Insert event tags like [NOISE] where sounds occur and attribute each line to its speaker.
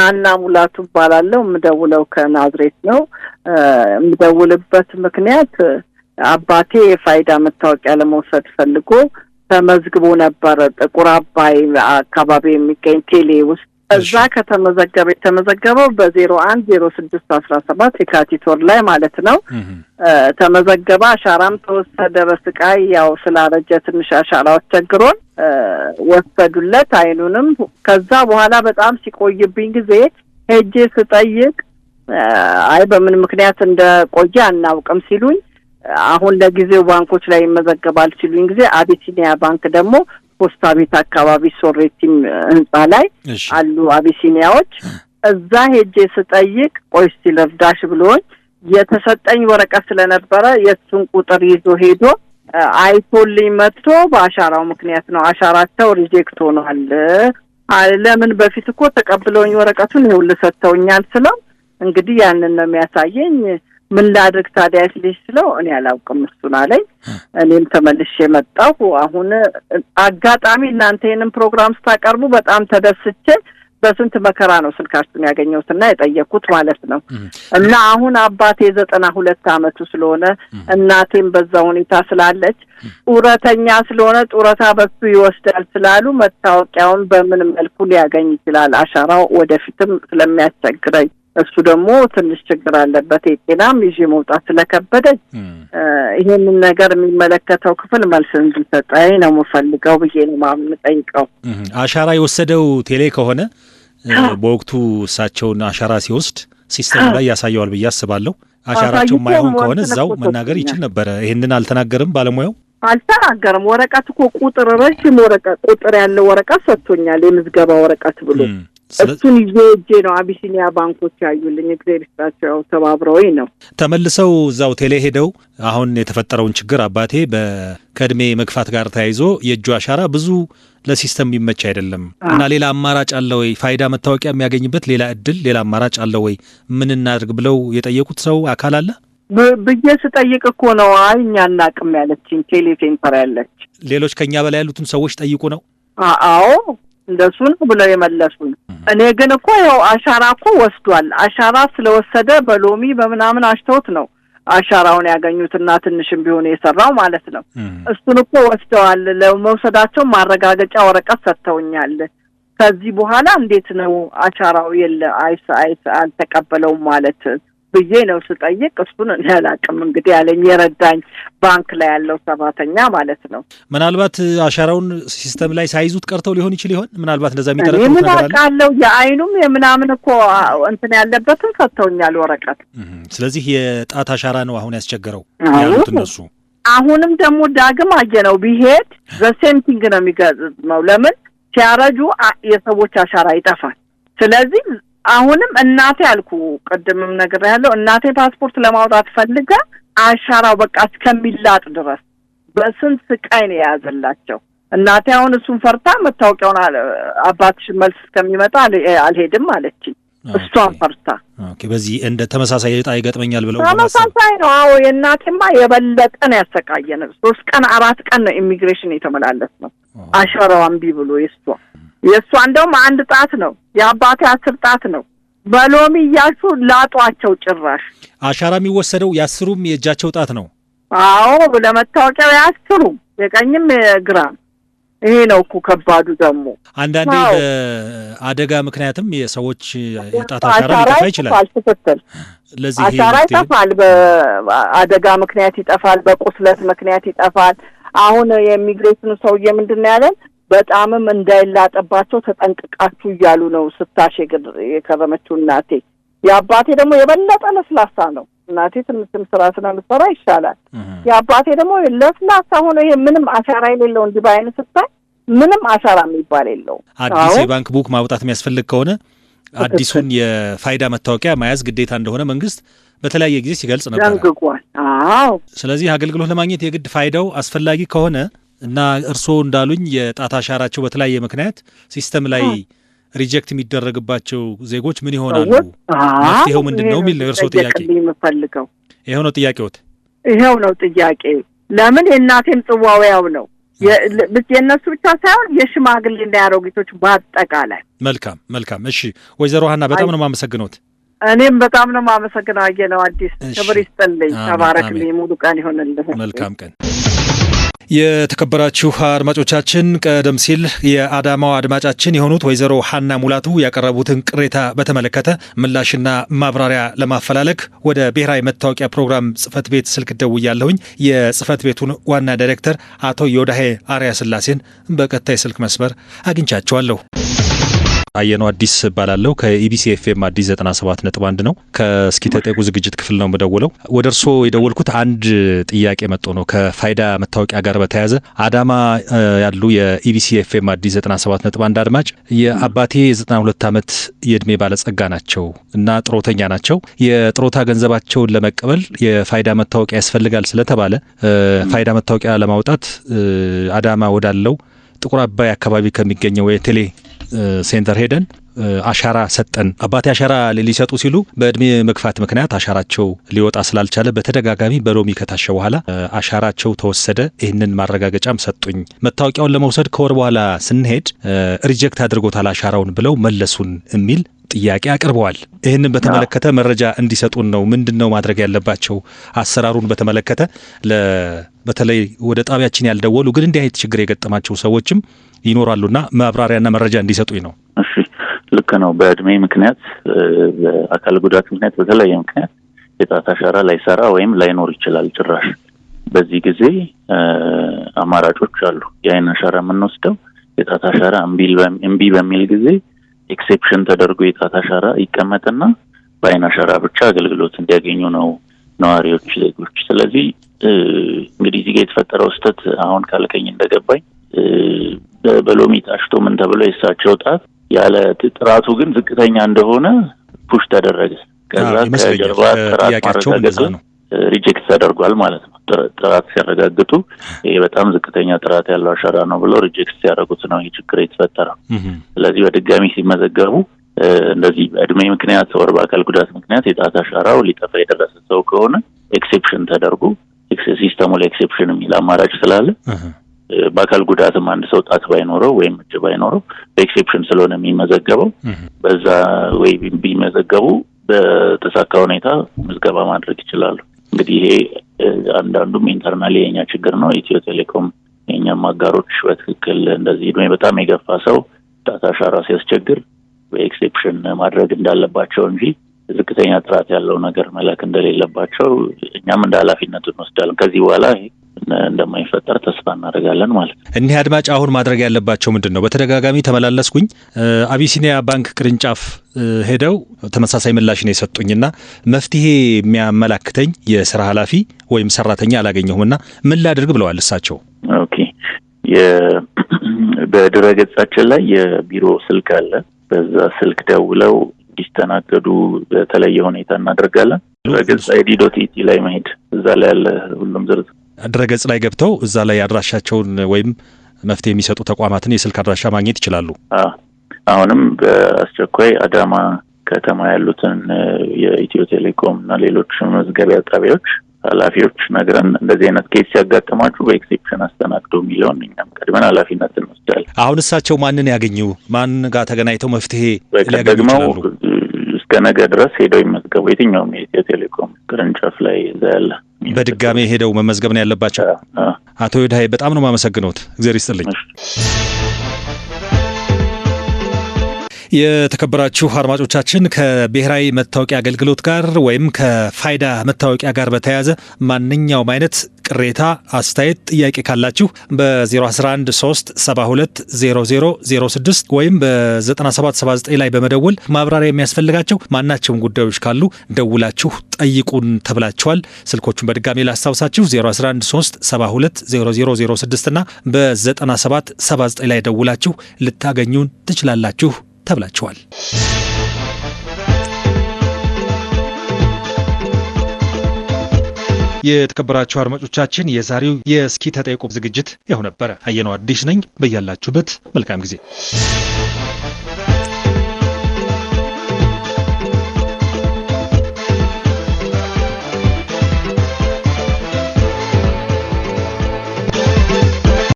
Speaker 1: ሀና ሙላቱ እባላለሁ። የምደውለው ከናዝሬት ነው። የምደውልበት ምክንያት አባቴ የፋይዳ መታወቂያ ለመውሰድ ፈልጎ ተመዝግቦ ነበረ ጥቁር አባይ አካባቢ የሚገኝ ቴሌ ውስጥ እዛ ከተመዘገበ የተመዘገበው በዜሮ አንድ ዜሮ ስድስት አስራ ሰባት የካቲት ወር ላይ ማለት ነው። ተመዘገበ። አሻራም ተወሰደ በስቃይ ያው ስላረጀ ትንሽ አሻራዎች ቸግሮን ወሰዱለት አይኑንም። ከዛ በኋላ በጣም ሲቆይብኝ ጊዜ ሄጄ ስጠይቅ አይ በምን ምክንያት እንደቆየ አናውቅም ሲሉኝ አሁን ለጊዜው ባንኮች ላይ ይመዘገባል ሲሉኝ ጊዜ አቢሲኒያ ባንክ ደግሞ ፖስታ ቤት አካባቢ ሶሬቲም ህንጻ ላይ አሉ አቢሲኒያዎች። እዛ ሄጄ ስጠይቅ ቆይ እስቲ ልርዳሽ ብሎኝ የተሰጠኝ ወረቀት ስለነበረ የእሱን ቁጥር ይዞ ሄዶ አይቶልኝ መጥቶ በአሻራው ምክንያት ነው አሻራቸው ሪጀክት ሆኗል። ለምን በፊት እኮ ተቀብለውኝ ወረቀቱን ይኸውልህ ሰጥተውኛል ስለው እንግዲህ ያንን ነው የሚያሳየኝ። ምን ላድርግ ታዲያ ስልሽ ስለው እኔ አላውቅም እሱን አለኝ። እኔም ተመልሼ መጣሁ። አሁን አጋጣሚ እናንተ ይህንን ፕሮግራም ስታቀርቡ በጣም ተደስቼ በስንት መከራ ነው ስልካችን እና የጠየቅኩት ማለት ነው። እና አሁን አባቴ ዘጠና ሁለት አመቱ ስለሆነ እናቴም በዛ ሁኔታ ስላለች ጡረተኛ ስለሆነ ጡረታ በሱ ይወስዳል ስላሉ መታወቂያውን በምን መልኩ ሊያገኝ ይችላል? አሻራው ወደፊትም ስለሚያስቸግረኝ እሱ ደግሞ ትንሽ ችግር አለበት። የጤናም ይዤ መውጣት ስለከበደኝ ይሄንን ነገር የሚመለከተው ክፍል መልስ እንድሰጠኝ ነው የምፈልገው ብዬ ነው የምጠይቀው።
Speaker 2: አሻራ የወሰደው ቴሌ ከሆነ በወቅቱ እሳቸውን አሻራ ሲወስድ ሲስተም ላይ ያሳየዋል ብዬ አስባለሁ። አሻራቸው ማይሆን ከሆነ እዛው መናገር ይችል ነበረ። ይህንን አልተናገርም ባለሙያው
Speaker 1: አልተናገርም። ወረቀት እኮ ቁጥር ረዥም ወረቀት ቁጥር ያለው ወረቀት ሰጥቶኛል፣ የምዝገባ ወረቀት ብሎ እሱን ይዤ እጄ ነው አቢሲኒያ ባንኮች ያዩልኝ። እግዜር ይስጣቸው ተባብረውኝ ነው
Speaker 2: ተመልሰው እዛው ቴሌ ሄደው አሁን የተፈጠረውን ችግር አባቴ ከእድሜ መግፋት ጋር ተያይዞ የእጁ አሻራ ብዙ ለሲስተም የሚመች አይደለም እና ሌላ አማራጭ አለ ወይ? ፋይዳ መታወቂያ የሚያገኝበት ሌላ እድል፣ ሌላ አማራጭ አለ ወይ? ምን እናድርግ ብለው የጠየቁት ሰው አካል አለ
Speaker 1: ብዬ ስጠይቅ እኮ ነው። አይ እኛ እናቅም ያለችኝ ቴሌ ሴንተር ያለች
Speaker 2: ሌሎች ከኛ በላይ ያሉትን ሰዎች ጠይቁ ነው።
Speaker 1: አዎ እንደሱ ነው ብለው የመለሱኝ። እኔ ግን እኮ ያው አሻራ እኮ ወስዷል። አሻራ ስለወሰደ በሎሚ በምናምን አሽተውት ነው አሻራውን ያገኙትና ትንሽም ቢሆን የሰራው ማለት ነው። እሱን እኮ ወስደዋል። ለመውሰዳቸው ማረጋገጫ ወረቀት ሰጥተውኛል። ከዚህ በኋላ እንዴት ነው አሻራው የለ አይስ አይስ አልተቀበለውም ማለት ብዬ ነው ስጠይቅ፣ እሱን እኔ አላቅም። እንግዲህ ያለኝ የረዳኝ ባንክ ላይ ያለው ሰራተኛ ማለት ነው።
Speaker 2: ምናልባት አሻራውን ሲስተም ላይ ሳይዙት ቀርተው ሊሆን ይችል ይሆን? ምናልባት እንደዛ የሚጠረጥ
Speaker 1: ምን አውቃለሁ። የአይኑም የምናምን እኮ እንትን ያለበትን ሰጥተውኛል ወረቀት።
Speaker 2: ስለዚህ የጣት አሻራ ነው አሁን ያስቸገረው ያሉት እነሱ።
Speaker 1: አሁንም ደግሞ ዳግም አየነው ቢሄድ ዘሴምቲንግ ነው የሚገጥመው። ለምን ሲያረጁ የሰዎች አሻራ ይጠፋል። ስለዚህ አሁንም እናቴ አልኩ ቅድምም ነገር ያለው እናቴ ፓስፖርት ለማውጣት ፈልጋ አሻራው በቃ እስከሚላጥ ድረስ በስንት ስቃይ ነው የያዘላቸው። እናቴ አሁን እሱን ፈርታ መታወቂያውን አባትሽ መልስ እስከሚመጣ አልሄድም አለችኝ። እሷን ፈርታ
Speaker 2: በዚህ እንደ ተመሳሳይ እጣ ይገጥመኛል ብለው
Speaker 1: ተመሳሳይ ነው። አዎ የእናቴማ የበለጠ ነው ያሰቃየን። ሶስት ቀን አራት ቀን ነው ኢሚግሬሽን የተመላለስ ነው። አሻራው እምቢ ብሎ የእሷ የእሷ እንደውም አንድ ጣት ነው የአባቴ አስር ጣት ነው። በሎሚ እያሹ ላጧቸው። ጭራሽ
Speaker 2: አሻራ የሚወሰደው የአስሩም የእጃቸው ጣት ነው።
Speaker 1: አዎ ለመታወቂያው የአስሩም የቀኝም ግራም። ይሄ ነው እኮ ከባዱ። ደግሞ
Speaker 2: አንዳንዴ በአደጋ ምክንያትም የሰዎች የጣት አሻራ ሊጠፋ ይችላል። ትክክል። ለዚህ
Speaker 1: አሻራ ይጠፋል። በአደጋ ምክንያት ይጠፋል። በቁስለት ምክንያት ይጠፋል። አሁን የኢሚግሬሽኑ ሰውዬ ምንድን ነው ያለን? በጣምም እንዳይላጠባቸው ተጠንቅቃችሁ እያሉ ነው ስታሽ የከረመችው እናቴ። የአባቴ ደግሞ የበለጠ ለስላሳ ነው። እናቴ ትንሽም ስራ ስለምትሰራ ይሻላል። የአባቴ ደግሞ ለስላሳ ሆኖ ይሄ ምንም አሻራ የሌለው እንዲህ በአይን ስታይ ምንም አሻራ የሚባል የለው።
Speaker 2: አዲስ የባንክ ቡክ ማውጣት የሚያስፈልግ ከሆነ አዲሱን የፋይዳ መታወቂያ መያዝ ግዴታ እንደሆነ መንግስት በተለያየ ጊዜ ሲገልጽ
Speaker 1: ነበር ደንግጓል። አዎ።
Speaker 2: ስለዚህ አገልግሎት ለማግኘት የግድ ፋይዳው አስፈላጊ ከሆነ እና እርስዎ እንዳሉኝ የጣት አሻራቸው በተለያየ ምክንያት ሲስተም ላይ ሪጀክት የሚደረግባቸው ዜጎች ምን ይሆናሉ? መፍትሄው ምንድን ነው የሚል ነው የእርስዎ ጥያቄ።
Speaker 1: የምፈልገው
Speaker 2: ይኸው ነው ጥያቄዎት?
Speaker 1: ይኸው ነው ጥያቄ። ለምን የእናቴም ጽዋውያው ነው የእነሱ ብቻ ሳይሆን የሽማግሌና የአሮጊቶች በአጠቃላይ።
Speaker 2: መልካም መልካም። እሺ ወይዘሮ ሀና በጣም ነው የማመሰግነውት።
Speaker 1: እኔም በጣም ነው የማመሰግነው። አየነው አዲስ ክብር ይስጥልኝ። ተባረክልኝ። ሙሉ ቀን ይሆንልህ።
Speaker 2: መልካም ቀን የተከበራችሁ አድማጮቻችን ቀደም ሲል የአዳማው አድማጫችን የሆኑት ወይዘሮ ሀና ሙላቱ ያቀረቡትን ቅሬታ በተመለከተ ምላሽና ማብራሪያ ለማፈላለግ ወደ ብሔራዊ መታወቂያ ፕሮግራም ጽህፈት ቤት ስልክ ደውያለሁኝ። የጽህፈት ቤቱን ዋና ዳይሬክተር አቶ ዮዳሄ አርያ ስላሴን በቀጥታ የስልክ መስመር አግኝቻቸዋለሁ። አየነው አዲስ እባላለሁ ከኢቢሲ ኤፍኤም አዲስ 97 ነጥብ አንድ ነው። ከእስኪ ተጠቁ ዝግጅት ክፍል ነው የምደውለው። ወደ እርስዎ የደወልኩት አንድ ጥያቄ መጥቶ ነው ከፋይዳ መታወቂያ ጋር በተያያዘ አዳማ ያሉ የኢቢሲ ኤፍኤም አዲስ 97 ነጥብ አንድ አድማጭ የአባቴ የ92 ዓመት የእድሜ ባለጸጋ ናቸው እና ጥሮተኛ ናቸው። የጥሮታ ገንዘባቸውን ለመቀበል የፋይዳ መታወቂያ ያስፈልጋል ስለተባለ ፋይዳ መታወቂያ ለማውጣት አዳማ ወዳለው ጥቁር አባይ አካባቢ ከሚገኘው የቴሌ ሴንተር ሄደን አሻራ ሰጠን። አባቴ አሻራ ሊሰጡ ሲሉ በእድሜ መግፋት ምክንያት አሻራቸው ሊወጣ ስላልቻለ በተደጋጋሚ በሎሚ ከታሸ በኋላ አሻራቸው ተወሰደ። ይህንን ማረጋገጫም ሰጡኝ። መታወቂያውን ለመውሰድ ከወር በኋላ ስንሄድ ሪጀክት አድርጎታል አሻራውን ብለው መለሱን የሚል ጥያቄ አቅርበዋል። ይህንን በተመለከተ መረጃ እንዲሰጡን ነው። ምንድን ነው ማድረግ ያለባቸው? አሰራሩን በተመለከተ በተለይ ወደ ጣቢያችን ያልደወሉ ግን እንዲህ አይነት ችግር የገጠማቸው ሰዎችም ይኖራሉና ማብራሪያና መረጃ እንዲሰጡኝ ነው።
Speaker 3: እሺ፣ ልክ ነው። በእድሜ ምክንያት፣ በአካል ጉዳት ምክንያት፣ በተለያየ ምክንያት የጣት አሻራ ላይሰራ ወይም ላይኖር ይችላል ጭራሽ። በዚህ ጊዜ አማራጮች አሉ። የአይን አሻራ የምንወስደው የጣት አሻራ እምቢ በሚል ጊዜ ኤክሴፕሽን ተደርጎ የጣት አሻራ ይቀመጥና በአይን አሻራ ብቻ አገልግሎት እንዲያገኙ ነው ነዋሪዎች፣ ዜጎች። ስለዚህ እንግዲህ እዚህ የተፈጠረው ስህተት አሁን ካልከኝ እንደገባኝ በሎሚ ታሽቶ ምን ተብሎ የእሳቸው ጣት ያለ ጥራቱ ግን ዝቅተኛ እንደሆነ ፑሽ ተደረገ። ከዛ ከጀርባ ጥራት ማረጋገጥ ነው ሪጀክት ተደርጓል ማለት ነው። ጥራት ሲያረጋግጡ ይሄ በጣም ዝቅተኛ ጥራት ያለው አሻራ ነው ብለው ሪጀክት ሲያደርጉት ነው ይህ ችግር የተፈጠረው። ስለዚህ በድጋሚ ሲመዘገቡ እንደዚህ በእድሜ ምክንያት ወር በአካል ጉዳት ምክንያት የጣት አሻራው ሊጠፋ የደረሰ ሰው ከሆነ ኤክሴፕሽን ተደርጎ ሲስተሙ ላይ ኤክሴፕሽን የሚል አማራጭ ስላለ በአካል ጉዳትም አንድ ሰው ጣት ባይኖረው ወይም እጅ ባይኖረው በኤክሴፕሽን ስለሆነ የሚመዘገበው በዛ ወይ ቢመዘገቡ በተሳካ ሁኔታ ምዝገባ ማድረግ ይችላሉ። እንግዲህ ይሄ አንዳንዱም ኢንተርናል የኛ ችግር ነው። ኢትዮ ቴሌኮም የእኛም አጋሮች በትክክል እንደዚህ እድሜ በጣም የገፋ ሰው ጣት አሻራ ሲያስቸግር በኤክሴፕሽን ማድረግ እንዳለባቸው እንጂ ዝቅተኛ ጥራት ያለው ነገር መላክ እንደሌለባቸው እኛም እንደ ኃላፊነት እንወስዳለን። ከዚህ በኋላ እንደማይፈጠር ተስፋ እናደርጋለን ማለት ነው።
Speaker 2: እኒህ አድማጭ አሁን ማድረግ ያለባቸው ምንድን ነው? በተደጋጋሚ ተመላለስኩኝ። አቢሲኒያ ባንክ ቅርንጫፍ ሄደው ተመሳሳይ ምላሽ ነው የሰጡኝና መፍትሄ የሚያመላክተኝ የስራ ኃላፊ ወይም ሰራተኛ አላገኘሁምና ምን ላድርግ ብለዋል እሳቸው።
Speaker 3: ኦኬ [CLEARS THROAT] ገጻችን ላይ የቢሮ ስልክ አለ። በዛ ስልክ ደውለው እንዲስተናገዱ በተለየ ሁኔታ እናደርጋለን። ድረገጽ አይዲ ዶት ኢቲ ላይ መሄድ እዛ ላይ ያለ ሁሉም ዝርዝር
Speaker 2: ድረገጽ ላይ ገብተው እዛ ላይ አድራሻቸውን ወይም መፍትሄ የሚሰጡ ተቋማትን የስልክ አድራሻ ማግኘት ይችላሉ።
Speaker 3: አሁንም በአስቸኳይ አዳማ ከተማ ያሉትን የኢትዮ ቴሌኮም እና ሌሎች መዝገቢያ ጣቢያዎች ኃላፊዎች ነግረን እንደዚህ አይነት ኬስ ሲያጋጥማችሁ በኤክሴፕሽን አስተናግዶ የሚለውን እኛም ቀድመን ኃላፊነት እንወስዳለን።
Speaker 2: አሁን እሳቸው ማንን ያገኙ ማን ጋር ተገናኝተው መፍትሄ
Speaker 3: ሊያገኙ ይችላሉ? እስከ ነገ ድረስ ሄደው ይመዝገቡ። የትኛውም የኢትዮ ቴሌኮም ቅርንጫፍ ላይ ያለ
Speaker 2: በድጋሜ ሄደው መመዝገብ ነው ያለባቸው። አቶ ዮዳሄ በጣም ነው የማመሰግነው። እግዚአብሔር ይስጥልኝ። የተከበራችሁ አድማጮቻችን ከብሔራዊ መታወቂያ አገልግሎት ጋር ወይም ከፋይዳ መታወቂያ ጋር በተያያዘ ማንኛውም አይነት ቅሬታ፣ አስተያየት፣ ጥያቄ ካላችሁ በ0113720006 ወይም በ9779 ላይ በመደወል ማብራሪያ የሚያስፈልጋቸው ማናቸውም ጉዳዮች ካሉ ደውላችሁ ጠይቁን ተብላችኋል። ስልኮቹን በድጋሚ ላስታውሳችሁ 0113720006 እና በ9779 ላይ ደውላችሁ ልታገኙን ትችላላችሁ ተብላችኋል። የተከበራችሁ አድማጮቻችን የዛሬው የእስኪ ተጠይቆ ዝግጅት ያው ነበረ። አየነው አዲስ ነኝ። በያላችሁበት መልካም ጊዜ